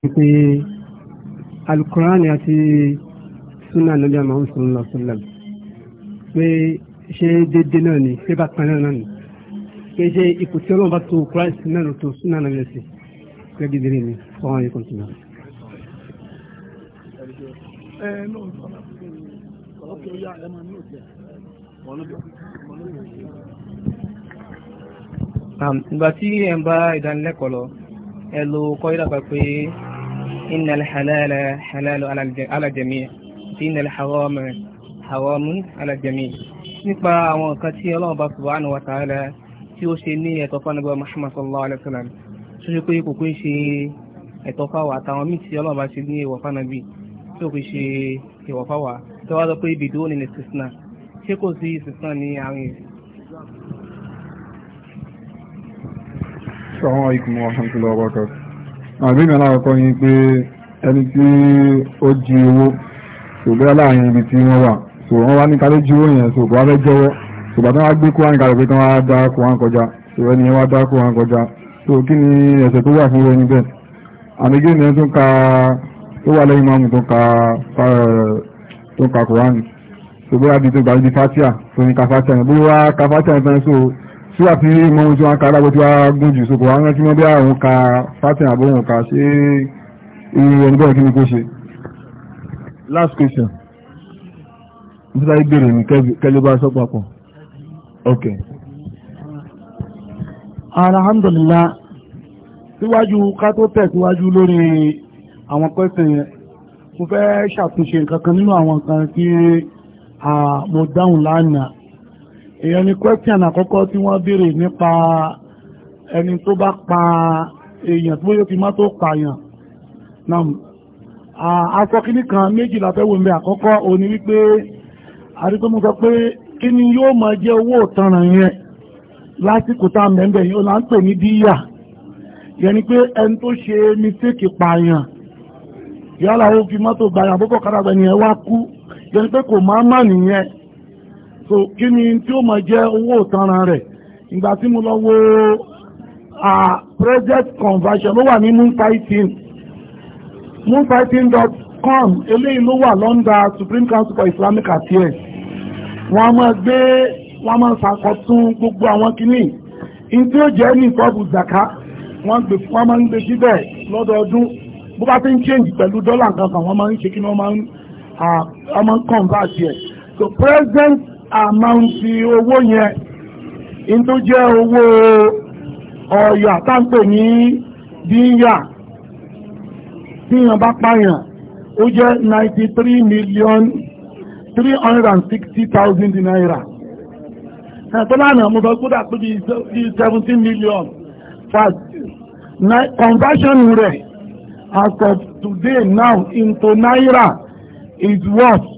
pé alukurani àti sunna níbi àmàhùn sọlọ sọlọ pé ṣé déédé náà ni ṣé bá kan náà ni pé ṣé ipò tí ọlọ́run bá tó kurani sí náà tó sunna náà lọ sí pé gidiri ni fọwọ́n yìí kan tún náà. ìgbà tí ẹ̀ ń bá ìdánilẹ́kọ̀ọ́ lọ ẹ lo kọ́ yídàgbà pé إن الحلال حلال على الجميع إن الحرام حرام على الجميع nípa àwọn nǹkan tí ọlọ́run bá subhanahu wa ta'ala tí ó ṣe ní ẹ̀tọ́ fánibọ́ Muhammad sallallahu alaihi wasallam tó ṣe pé kò kún ṣe ẹ̀tọ́ fáwà àtàwọn míì tí ọlọ́run bá ṣe ní ìwọ̀ fánàbí tí ó fi ṣe ìwọ̀ fáwà tó wá sọ pé ibìdó ní ìsìsìnà ṣé kò sí ìsìsìnà ní àárín rẹ̀. Assalamu alaikum warahmatullahi wabarakatuh àbí ìrìn alákọ̀ọ́kọ́ yìí pé ẹni tí ó jí owó ṣùgbọ́n láàrin ibi tí wọ́n wà so wọ́n wá ní ká ló owó yẹn so bọ́ fẹ́ jẹ́wọ́ ṣùgbọ́n tó wá gbé kó wá ní kalẹ̀ pé kí wọ́n dá kó wá kọjá so ẹni yẹn wá dá kó wá kọjá so kí ni ẹ̀ṣẹ̀ tó wà fún ẹni bẹ́ẹ̀ àmì gé ni tó ka tó wà lẹ́yìn máàmù tó ka tó ka kòránì so bóyá di tó gbàlejò fátíà tó ní ka fátíà yẹn bóyá ka fátíà yẹn fẹ́ so tí wà fi rí mọ ohun tí wọ́n ká lágbó tí wọ́n gún jù sókò wọ́n rántí mọ́ bí àrùn ka fatin àbóhùn ka ṣe irú ẹni bẹ́ẹ̀ kí ni kó ṣe. last question nígbà yìí bèrè ní kẹ́lẹ́ bá sọ́pọ̀ pọ̀ ok. alhamdulillah síwájú ká tó tẹ̀síwájú lórí àwọn pẹ́sẹ̀ yẹn mo fẹ́ ṣàtúnṣe nǹkan kan nínú àwọn kan tí mo dáhùn lánàá èèyàn ni question àkọ́kọ́ tí wọ́n béèrè nípa ẹni tó bá pa èèyàn tó yóò fi má tó pààyàn náà asọ́kíní kan méjìlá fẹ́ wo mi àkọ́kọ́ òní wípé àdúgbò sọ pé kíni yóò máa jẹ́ owó ìtanràn yẹn lásìkò tá a mẹ́ńbẹ̀ yìí pé ẹni tó ṣe mistake pààyàn yálà ó fi mọ́tò gbàyàn àbúkọ̀ gbẹ̀yìn ẹ wá pé kò má nìyẹn so kí ni tí ó máa jẹ́ owó ìtanra rẹ̀ ìgbà tí mo lọ wo project conversion ló wà ní moonfighting com. eléyìí ló wà lọ́ndà Supreme Council for Islamic Affairs wọ́n a máa gbé wọ́n a máa ṣàkọtún gbogbo àwọn kìíní in tí ó jẹ́ ní ìtọ́bù zaka wọ́n gbé wọ́n máa ń gbé síbẹ̀ lọ́dọọdún bó bá ti ń change pẹ̀lú dọ́là kankan wọ́n máa ń ṣe kí wọ́n máa ń convert yẹ so present àmọ́ ń fi owó yẹn in tó jẹ́ owó ọ̀yà táǹpè ní díyà tíyàn bá pààyàn ó jẹ́ 93 million 360,000 naira ẹ̀tọ́ lánàá mo bẹ kódà pé bí 17 million conversion rẹ̀ as of today now into naira is worth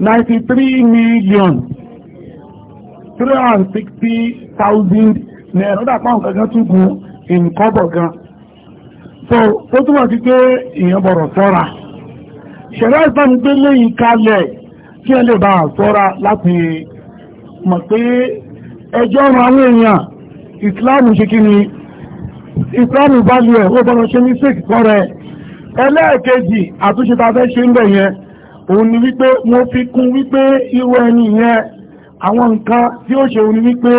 ninety three million three hundred sixty thousand naira dàpọ̀ nǹkan kan tún gun nǹkan bọ̀ gan so ó túmọ̀ sí pé èèyàn bọ̀rọ̀ sọ́ra ṣẹ̀rẹ́ ìsọ́ni gbé léyìn kalẹ̀ kí ẹ lè bá a sọ́ra láti mọ̀ pé ẹjọ́ ọ̀rọ̀ àwọn èèyàn ìsìláàmù ṣe kí ni ìsìláàmù bá lè ẹ̀ ó bọ̀rọ̀ ṣe ní sèkì kọ́rẹ̀ ẹlẹ́ẹ̀kejì àtúnṣe ta fẹ́ ṣe ń bẹ̀ yẹn òun ni wípé mo fi kún wípé irú ẹni yẹn àwọn nǹkan tí ó ṣe òun ni wípé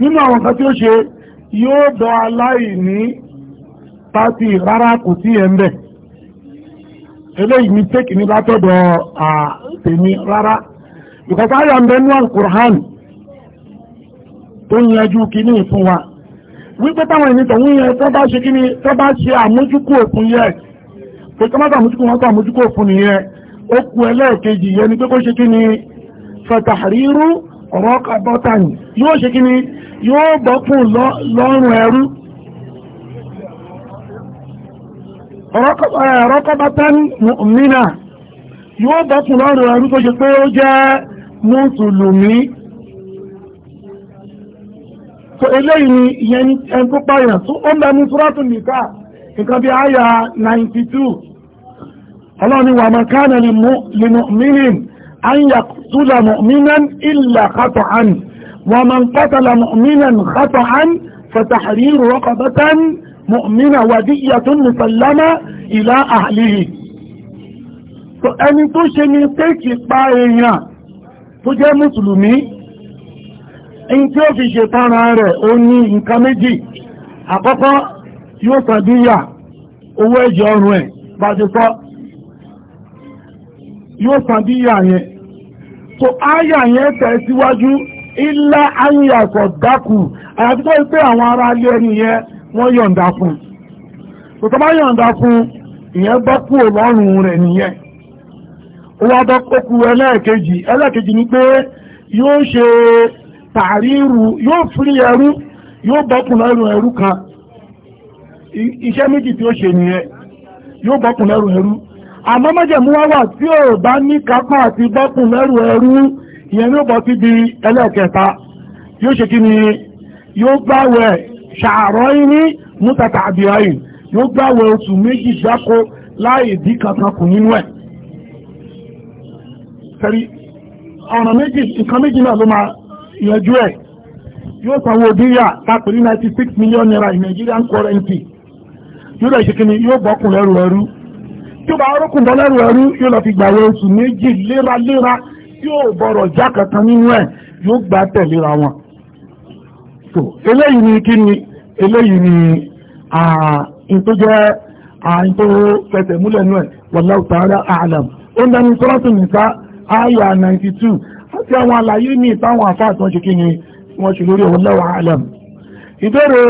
nínú àwọn nǹkan tí ó ṣe yóò dọ̀ aláìní tàbí rárá kò sí ẹ̀ ń bẹ̀ eléyìí mistake ní látọ̀dọ̀ tèmi rárá because ayà ń bẹnu al-Qur'an tó yanjú kíní fún wa wípé táwọn ènìyàn tọ̀hún yẹn tó bá ṣe kíní tó bá ṣe àmójúkú òfin pé àmójúkú wọn okùn ẹlẹ́ẹ̀kejì yẹn ni pé kó ṣe kí ni fatahriru rọ́kà bọ́tàn yóò ṣe kí ni yóò bọ́kùn lọ́rùn ẹrú rọ́kà bọ́tàn mu'mina yóò bọ́kùn lọ́rùn ẹrú tó ṣe pé ó jẹ́ mùsùlùmí so eléyìí ni ìyẹn ẹnkópa yẹn tó ó mẹ́nu sùrátù nìka nǹkan bí àyà 92 ọlọ́run ni wà máa kánà lè mọ́mìnìm an yà túlà mọ́mìnàn ilà kátọ̀ án wà máa kátàlà mọ́mìnàn kátọ̀ án fàtàríru rọ́kọ̀bátán mọ́mìnà wà díyà tún mùsàlámà ilá àhàlìhì so ẹni tó ṣe ní tẹ́kì pa èèyàn tó jẹ́ mùsùlùmí in tí ó fi ṣe tánra rẹ̀ ó ní nǹkan méjì àkọ́kọ́ yóò sàdíyà owó ẹ̀jẹ̀ ọrùn ẹ̀ bá ti sọ́ yóò san díyà yẹn so áyà yẹn tẹ̀ ilá ayàsọ̀ dákù àyàfi tó pé àwọn ará ilé ẹni yẹn wọ́n yọ̀ǹda fún kò tó bá yọ̀ǹda fún ìyẹn bọ́ kú ọlọ́run rẹ̀ nìyẹn ó wá kókú ẹlẹ́ẹ̀kejì ẹlẹ́ẹ̀kejì ni pé yóò ṣe tàríru yóò ẹrú yóò bọ́kùn lẹ́rù ẹrú kan iṣẹ́ méjì tí ó àmọ́ mọ́jẹ̀mú wá wà tí ò bá ní kápá àti bọ́kùn lẹ́rù ẹrú ìyẹn ọ̀bọ̀ ti di ẹlẹ́ẹ̀kẹta yóò ṣe kí ni yóò gbáwẹ̀ ṣàárọ̀ ní mútàtà àbíọ́yìn yóò gbáwẹ̀ oṣù méjì láì kankan kù nínú ẹ̀ ọ̀nà méjì nǹkan méjì náà ló máa yanjú ẹ̀ yóò sanwó díyà tápẹ̀lú naira Nigerian currency yóò ṣe kí ni yóò bọ́kùn lẹ́rù tí ó bá orókùn bọ́ lẹ́rù ẹrú yóò lọ fi gbàwé oṣù méjì léraléra tí ó bọ̀rọ̀ já kankan nínú ẹ̀ yóò gbà tẹ̀léra wọn. so eléyìí ni kí ni eléyìí ni ìtò jẹ́ ìtò fẹsẹ̀ múlẹ̀ nú ẹ̀ wallahu ta'ala a'lam. ó ń dání sọ́rọ́sì nìta àyà 92 àti àwọn àlàyé ní ìtàwọn àfáà tí wọ́n ṣe kí ni wọ́n ṣe lórí wallahu a'lam. ìbéèrè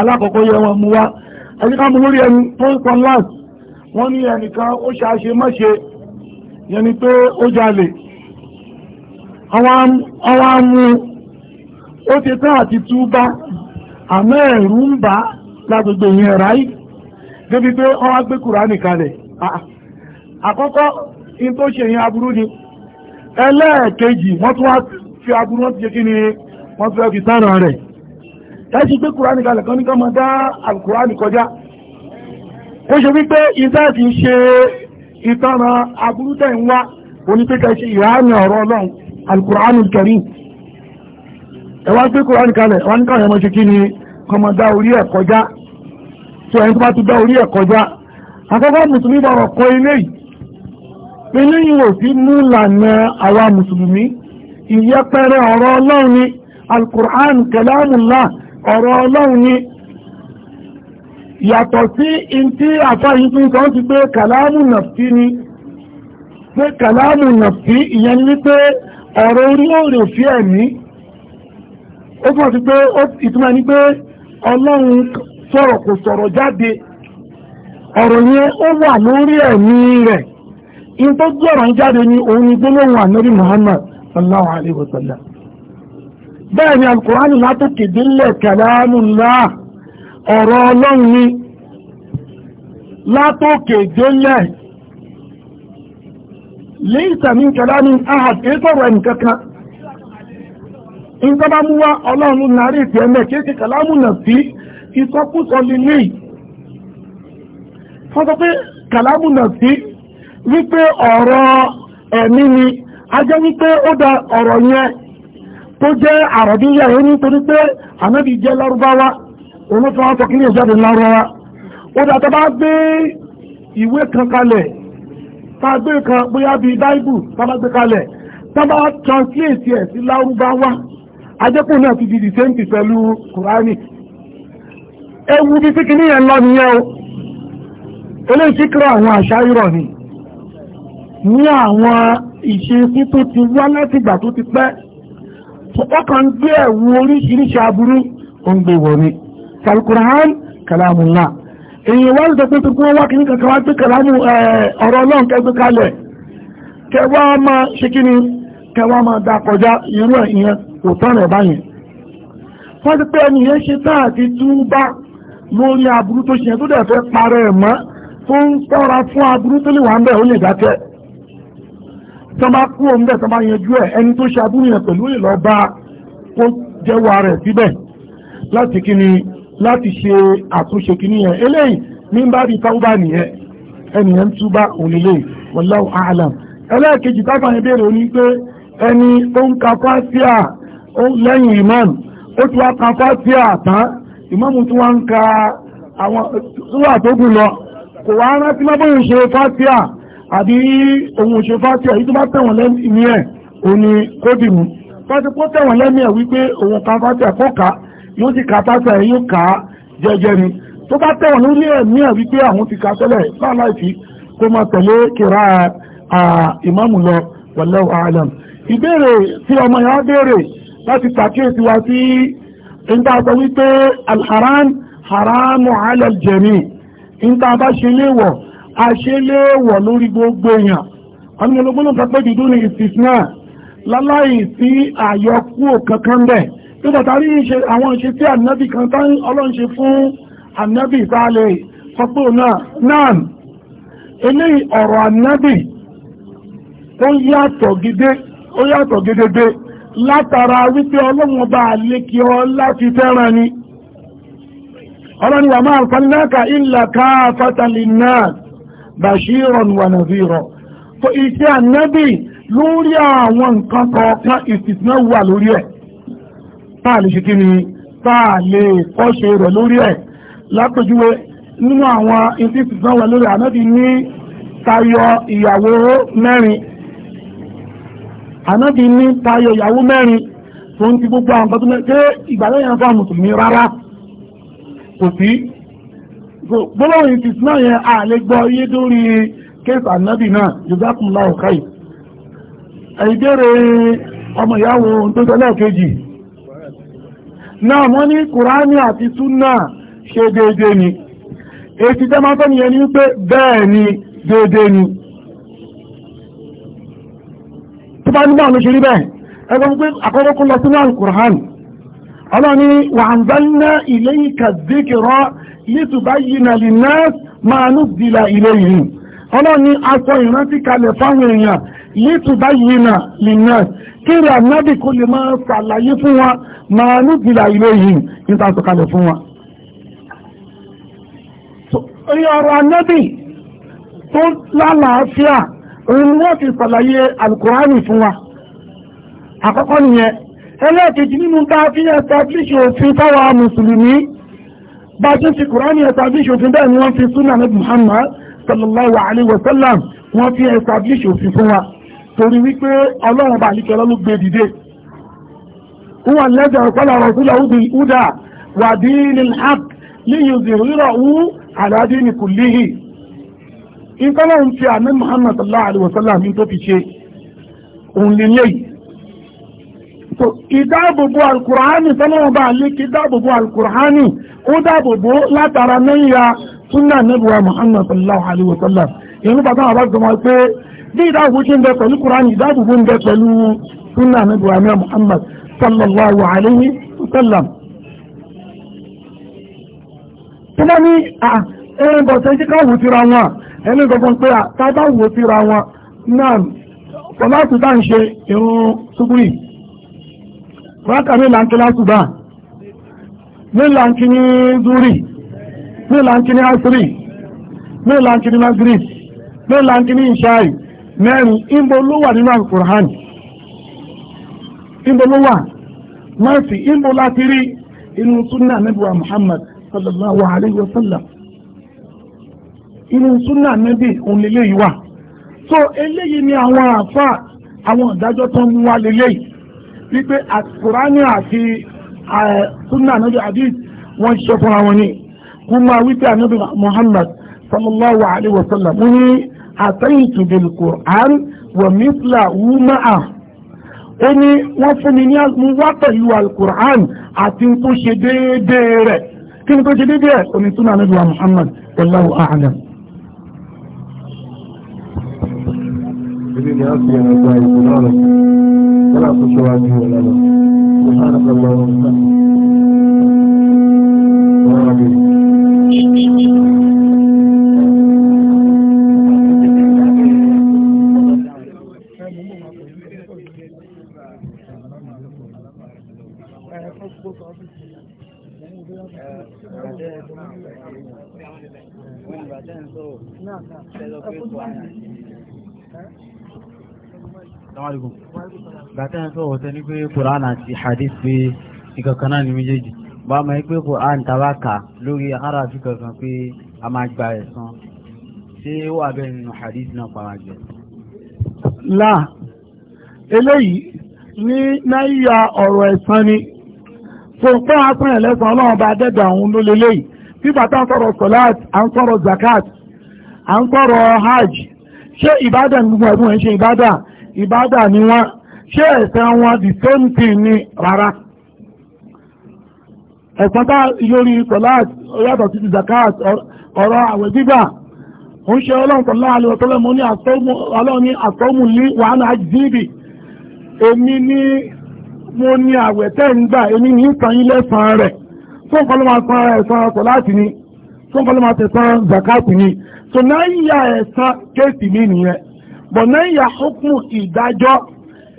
alákọ̀ọ́kọ́ yẹ wọn mú wá ẹ̀ríkà mú lórí ẹni tó ń sọ láti wọ́n ní ẹnìkan ó ṣàṣe mọ́ṣe yẹni pé ó jalè àwọn amú ó ti tán àti túbá àmọ́ ẹ̀rù ń bá lágbègbè yẹn débi pé wọ́n wá gbé kùránì kalẹ̀ ah, àkọ́kọ́ in tó ṣe yẹn aburú ni ẹlẹ́ẹ̀kejì wọ́n tún wá fi aburú ti ní kọjá ó ṣe wípé ìtàkì ṣe ìtànà aburútẹ̀ ń wá onípẹ́kẹ́ ṣe ìhánà ọ̀rọ̀ ọlọ́run alkùránù kẹrin ẹwà gbé kùránù kalẹ̀ wọ́n ní káwọn ẹmọ ṣe kí ni kọmọ dá orí ẹ̀ kọjá tí ẹni tó bá ti dá orí ẹ̀ kọjá àkọ́kọ́ mùsùlùmí bọ̀rọ̀ kọ yàtọ̀ sí intí àfáyí tún sọ ti pé kàlámù nàfí ni pé kàlámù nàfí ìyẹn ni ọ̀rọ̀ orí òrè fi ẹ̀mí ó fọ́ sí pé ìtumọ̀ ni pé ọlọ́run sọ̀rọ̀ kò sọ̀rọ̀ jáde ọ̀rọ̀ yẹn ó wà lórí ẹ̀mí rẹ̀ in tó gbé ọ̀rọ̀ jáde ni òun ni gbólóhùn ànábì Muhammad sallallahu alayhi wa sallam bẹ́ẹ̀ ni alukur'ani látòkè kàlámù ọ̀rọ̀ ọlọ́run ni látòkè jóyẹ̀ lẹ́yìn tàbí ní ahad sọ̀rọ̀ ẹnìkankan ìjọba mú wá ọlọ́run náà rí keke mẹ́ kìí sí kẹlá sí ìsọkúsọ lílé sí wípé ọ̀rọ̀ ẹ̀mí ni a jẹ́ wípé ó da ọ̀rọ̀ yẹn tó jẹ́ òun tó wọ́n tọkí ní ìjáde lárọ́wá ó dàtọ́ bá gbé ìwé kan kalẹ̀ tá a gbé kan bóyá bíi báíbù tá bá gbé kalẹ̀ tá bá translate ẹ̀ sí lárúbáwá ajẹ́pọ̀ náà ti di the same thing pẹ̀lú kùránì ewu bí sí kìíní yẹn lọ nìyẹn o eléyìí tí kíra àwọn àṣà irọ́ ni ní àwọn ìṣesí tó ti wá láti ìgbà tó ti pẹ́ ọkàn ń gbé ẹ̀wù oríṣiríṣi aburú ó ń gbé wọ̀ ni falkuran kalamula èyí wá ń sọpé tuntun wá kí ní kankan wá pé kalamu ọ̀rọ̀ ọlọ́run kẹgbẹ́ kalẹ̀ kẹwàá máa ṣe kí ni kẹwàá máa dá kọjá irú ẹ̀ ìyẹn kò tán rẹ̀ báyìí wọ́n ti pé ẹni yẹn ṣe tán àti túbá lórí aburú tó ṣe tó dẹ̀ fẹ́ parẹ́ ẹ̀ mọ́ tó ń tọ́ra fún aburú tó lè wà ń bẹ̀ ó lè dákẹ́ tó bá kú òun bẹ̀ tó bá yanjú ẹ̀ ẹni tó ṣe aburú yẹn pẹ̀lú ìlọ́ba kó jẹ́wọ́ rẹ̀ síbẹ̀ láti kí ni láti ṣe àtúnṣe kìíní yẹn eléyìí ní bá di táwùbá nìyẹn ẹnìyẹn ń túbá òlélẹ̀ wallahu a'lam ẹlẹ́ẹ̀kejì táwọn ìbéèrè oní pé ẹni tó ń ka fásíà lẹ́yìn imam ó ti wá ka fásíà tán imam tí wọ́n ń ka àwọn ìwà tó gùn lọ kò wá rántí má bóyá ṣe fásíà àbí ohun ṣe fásíà yìí tó bá tẹ̀wọ̀n lẹ́mí ẹ̀ òní kódìmù fásitì kó tẹ̀wọ̀n lẹ́mí ẹ̀ wípé òun ka fásíà kó kàá yóò sì ka tásà yóò kà á jẹ́jẹ́ ni tó bá tẹ̀wọ̀n lórí ẹ̀mí ẹ̀ wípé àwọn ti ka tẹ́lẹ̀ láàláìfi kó máa tẹ̀lé kíra ìmáàmù lọ wallahu a'lam ìbéèrè tí ọmọ yẹn á béèrè láti tàkíyèsí wa sí nígbà sọ wípé alharam haramu ala aljami nígbà bá ṣe léwọ̀ a ṣe léwọ̀ lórí gbogbo èèyàn ọmọ ológun náà pẹ́ dúdú ní ìsìsínà láláì sí àyọkúò nígbà tá rí ṣe àwọn ìṣe tí ànábì kan tán ọlọ́run ṣe fún ànábì ìbálẹ̀ sọpọ̀ náà náà ilé ọ̀rọ̀ ànábì ó yàtọ̀ gidé ó yàtọ̀ gidégbé látara wípé ọlọ́run bá lékí ọ láti fẹ́ràn ni ọlọ́run wà máa fẹ́ náà ilẹ̀ káfàtà lè náà bashiran wa nadhira iṣẹ́ ànábì lórí àwọn nǹkan kọ̀ọ̀kan ìsìsìnà wà lórí ẹ̀ táà lè ṣe kí ni táà lè kọ́ṣe rẹ̀ lórí ẹ̀ lápèjúwe nínú àwọn ìfíìsì náà wà lórí ànábì ní tayọ ìyàwó mẹ́rin ànábì ní tayọ ìyàwó mẹ́rin tó ń ti gbogbo àwọn tó mẹ́rin pé ìgbàlẹ́ yẹn fún mùsùlùmí rárá kò sí gbogbo ìfíìsì náà yẹn a lè gbọ́ iye dórí kéèsì ànábì náà jazakumullahu khair ẹ̀yìn bẹ̀rẹ̀ ọmọ ìyàwó tó tẹ́lẹ̀ kejì náà wọ́n ní kùránì àti súnà ṣe déédé ni èsì tẹ́ máa tọ́nìyàn ní pé bẹ́ẹ̀ ni déédé ni tó bá nígbà ló ṣe rí bẹ́ẹ̀ ẹgbẹ́ pé àkọ́kọ́ lọ sínú alkùránì ọlọ́ni wa anzalna ilayka dhikra litubayyina linnas ma nuzzila ilayhim ọlọ́ni aṣọ ìrántí kíri ànábì kó lè máa ṣàlàyé fún wa máa nígbìlà ilé yìí níta sọ̀kalẹ̀ fún wa orí ọ̀rọ̀ ànábì tó lálàáfíà orí wọ́n ti ṣàlàyé alkùránì fún wa àkọ́kọ́ nìyẹn ẹlẹ́ẹ̀kejì nínú káàfíà establish òfin fáwọn mùsùlùmí bá tún ti kùránì establish òfin bẹ́ẹ̀ ni wọ́n fi súnà ní Muhammad sallallahu alaihi wasallam wọ́n fi establish òfin fún wa torí wípé ọlọ́run bá àlíkẹ́ lọ́lú gbé dìde wọ́n lẹ́jọ̀ ìpọ́lá rọ̀sílẹ̀ ó di ìdá wà dí ní app líyìn zìrìrọ̀ wú àdájí ní kò líhì ìkọ́lọ́run fi àmì Muhammad sallallahu alaihi wasallam tó fi ṣe òun lè léyìí so ìdáàbòbò alukur'ani sọ́lọ́run bá àlíkẹ́ ìdáàbòbò alukur'ani ó bí ìdáàbò ṣe ń bẹ pẹ̀lú Kùránì ìdáàbòbò ń bẹ pẹ̀lú sunna anabi wa Muhammad sallallahu alayhi wa sallam. tó bá ní ẹ̀rìn bọ̀sẹ̀ ṣe ká wò síra wọn ẹni gbọ̀ngàn pé àtàbà wò síra wọn náà ń ṣe irun ṣubúrì rákà ní làǹkì látùbà ní làǹkì ní zúrì ní mẹ́rin ìbò ló wà nínú alukur'an ìbò ló wà mọ́sí rí inú súnà muhammad sallallahu alayhi wa sallam inú súnà nẹ́bì òun so eléyìí ni àwọn àfa àwọn ìdájọ́ tó ń wá lélẹ́yìí wípé alukur'an àti súnà nẹ́bì hadith wọ́n ni kúmọ̀ wípé ànábì muhammad sallallahu alayhi wa sallam wọ́n àtẹ́yìntì bil Qur'an wa mithlahu ma'ah ó ní wọ́n fún mi ní wá pẹ̀lú al-Qur'an àti tó ṣe déédéé rẹ̀ kí ni tó ṣe déédéé rẹ̀ tún àlejò wa Muhammad wallahu a'lam. الذين أسلم Wọ́n ìgbà tẹ́ ń sọ̀rọ̀. Tẹ́lọ pé tó àyà. Sàmàlìkùn. Ìgbà tẹ́ ń sọ̀rọ̀ tẹ́ ní pé Kùránà àti Hadith pé ìkankan náà ni méjèèjì. Bá a máa pé Kùránà tàbá kà lórí aráàfin kankan pé a máa gba ẹ̀san. Ṣé ó wà bẹ́ẹ̀ nínú Hadith náà para jẹ? Là, eléyìí ní náírà ọ̀rọ̀ ẹ̀san ni. Fòǹpẹ́ apẹ́yẹ̀lẹ́sàn ọlọ́run bá dẹ́gbà òun ló lélẹ́yìí. nígbà sọ̀rọ̀ sọ̀láàt à ń sọ̀rọ̀ zakat à ń sọ̀rọ̀ hajj ṣé ìbádà ní gbogbo ṣe ìbádà ìbádà ni wọ́n ṣé ẹ̀sẹ̀ wọn the same thing ni rárá ẹ̀sán tá lórí sọ̀láàt yàtọ̀ sí zakat ọ̀rọ̀ àwẹ̀ gbígbà ń ṣe ọlọ́run tọ́lá mo ní ọlọ́run àtọ́mù ní wàhánà èmi ní mo ní àwẹ̀ tó ń kọ́lọ́ máa san ẹ̀san ọ̀sọ̀ láti ni tó ń kọ́lọ́ máa tẹ̀san zakati ni so náà yíya ẹ̀san kéèsì mi nìyẹn bọ̀ náà yíya hukmu ìdájọ́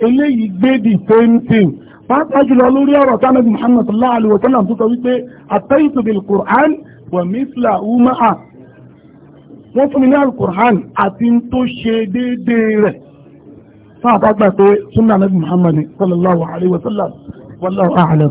eléyìí gbé the same thing pàápàá jùlọ lórí ọ̀rọ̀ tí Ànábì Muhammad sallallahu alaihi wa tó sọ wípé ataitu bil Qur'an wa misla umaa wọ́n fún mi ní alukur'an àti tó ṣe déédéé rẹ̀ fún àbágbà pé sunna Ànábì Muhammad sallallahu alaihi wa sallam wallahu a'lam